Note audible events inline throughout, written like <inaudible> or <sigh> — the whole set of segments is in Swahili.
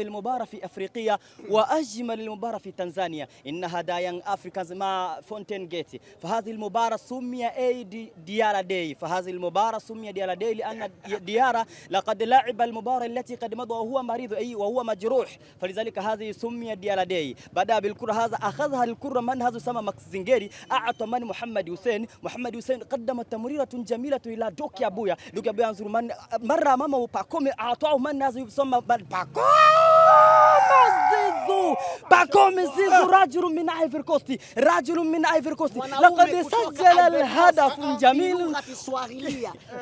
في المباراة في أفريقيا وأجمل المباراة في تنزانيا إنها دايان أفريكانز مع فونتين جيتي فهذه المباراة سمي أي دي ديارا دي فهذه المباراة سمي ديارا دي لأن ديارا لقد لعب المباراة التي قد مضى وهو مريض أي وهو مجروح فلذلك هذه سمي ديارا دي بدأ بالكرة هذا أخذها الكرة من هذا سما ماكس زنجيري أعطى من محمد حسين محمد حسين قدم تمريرة جميلة إلى دوكيا بويا دوكيا بويا انظر من مرة أمامه باكومي أعطاه من هذا يسمى باكومي Pacome Zouzu rajulun min Ivory Coast, rajulun min Ivory Coast laqad sajjala alhadafun jamilun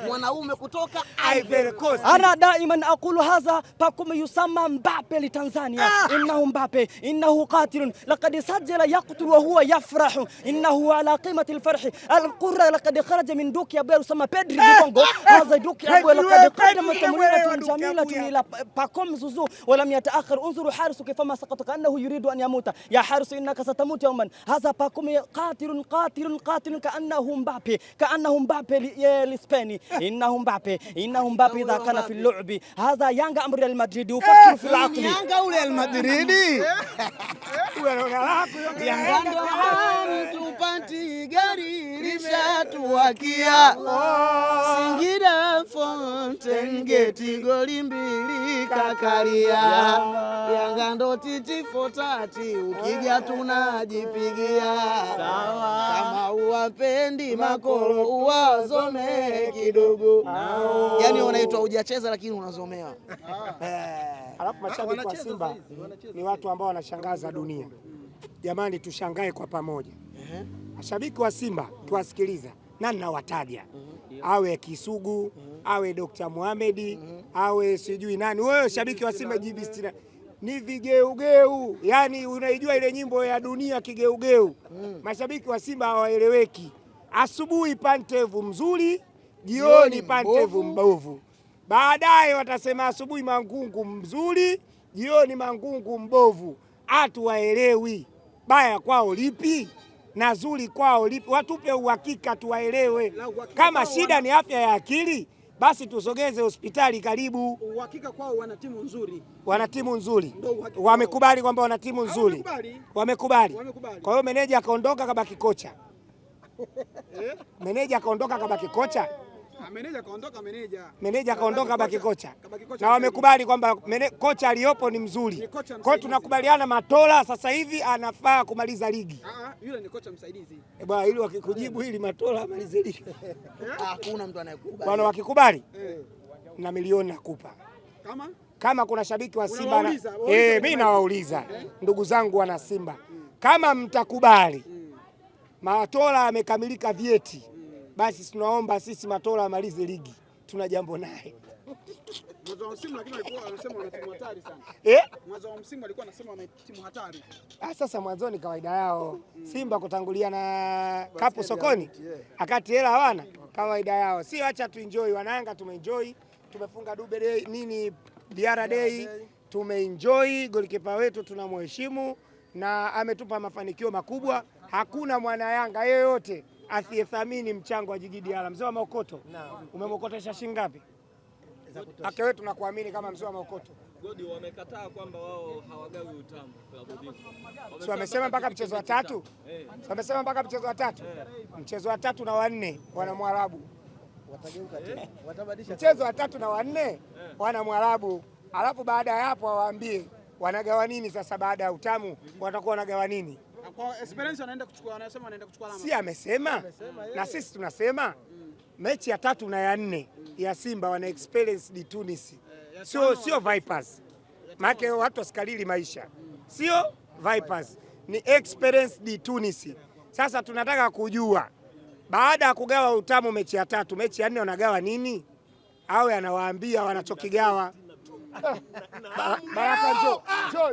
mwanaume kutoka Ivory Coast. Ana daiman aqulu hadha Pacome yusama Mbappe li Tanzania, ah. innahu Mbappe innahu qatilun laqad sajjala yaqtulu wa huwa yafrahu innahu ala qimati alfarhi alqurra laqad kharaja min duki abu yusama Pedri di eh. Congo eh. hadha duki abu eh, laqad qaddama tamrinatun jamilatun ila Pacome Zouzu wa lam yataakhir unzuru harisu kifama saqata kaannahu yuri yuridu an yamuta ya harisu innaka satamutu yauman hadha pakumi qatilun qatilun qatilun kaannahu Mbappe kaannahu Mbappe lispeni innahu Mbappe innahu Mbappe idha kana fil lu'bi hadha Yanga amri al Madrid ufakiru fi al aqli Yanga ule al Madrid tupati gari lishatuwakia Singida Fountain Gate goli mbili kakaria kando titi fotati ukija tunajipigia sawa. Kama uwapendi makoro uwazomee kidogo, yani unaitwa hujacheza lakini unazomewa. Eh. Alafu mashabiki wa Simba ni watu ambao wanashangaza dunia. Jamani, tushangae kwa pamoja. Mashabiki wa Simba tuwasikiliza, na nawataja mhm. awe Kisugu, mhm. awe Dr. Muhamedi, mhm. awe sijui nani. Wewe shabiki wa Simba jibistina ni vigeugeu, yani unaijua ile nyimbo ya dunia kigeugeu. Mm. Mashabiki wa Simba hawaeleweki. Asubuhi Pantevu mzuri, jioni Pantevu mbovu, baadaye watasema asubuhi Mangungu mzuri, jioni Mangungu mbovu. Hatu waelewi baya kwao lipi na zuri kwao lipi, watupe uhakika tuwaelewe. Kama shida ni afya ya akili basi tusogeze hospitali karibu. Uhakika kwao wana timu nzuri, wana timu nzuri, wamekubali kwamba wana timu nzuri, wamekubali. Kwa hiyo meneja akaondoka, kabaki kocha <laughs> eh? meneja akaondoka, kabaki kocha Ah, meneja akaondoka, baki kocha na wamekubali kwamba kocha aliyopo ni mzuri. Kwa hiyo tunakubaliana Matola sasa hivi anafaa kumaliza ligi. Ah, ah, yule ni kocha msaidizi eh, bwana, ili wakikujibu hili Matola amalize ligi <laughs> eh? hakuna mtu anayekubali bwana, wakikubali eh. na milioni nakupa kama kama kuna shabiki wa Simba na eh, mimi nawauliza ndugu zangu wana Simba, mm. kama mtakubali mm. Matola amekamilika vyeti mm basi tunaomba sisi Matola amalize ligi, tuna jambo naye. Sasa mwanzoni kawaida yao mm. Simba kutangulia na kapu sokoni, akati hela hawana, kawaida yao si acha tuenjoy. Wanayanga tumeenjoy, tumefunga dube day, nini biara day, tumeenjoy. Golikipa wetu tunamheshimu na ametupa mafanikio makubwa. Hakuna mwanayanga yeyote asiyethamini mchango wa Jigi Diarra. Mzee wa Maokoto, umemokotesha shilingi ngapi? Ake wetu nakuamini kama mzee wa Maokoto. Godi wamekataa kwamba wao hawagawi utamu klabu bingwa. So wamesema mpaka mchezo wa tatu, eh. wamesema mpaka mchezo wa tatu, eh. mchezo wa tatu na wanne wana Mwarabu eh? mchezo wa tatu na wanne wana Mwarabu, alafu baada ya hapo wawaambie wanagawa nini sasa. Baada ya utamu watakuwa wanagawa nini? Si amesema Na sisi tunasema mm. Mechi ya tatu na ya nne mm. ya Simba wana experience di Tunisi eh, sio sio Vipers maana watu wasikalili maisha mm. sio Vipers ni experience di Tunisi. Sasa tunataka kujua baada ya kugawa utamu mechi ya tatu, mechi ya nne wanagawa nini? Awe anawaambia wanachokigawa. <laughs> Baraka John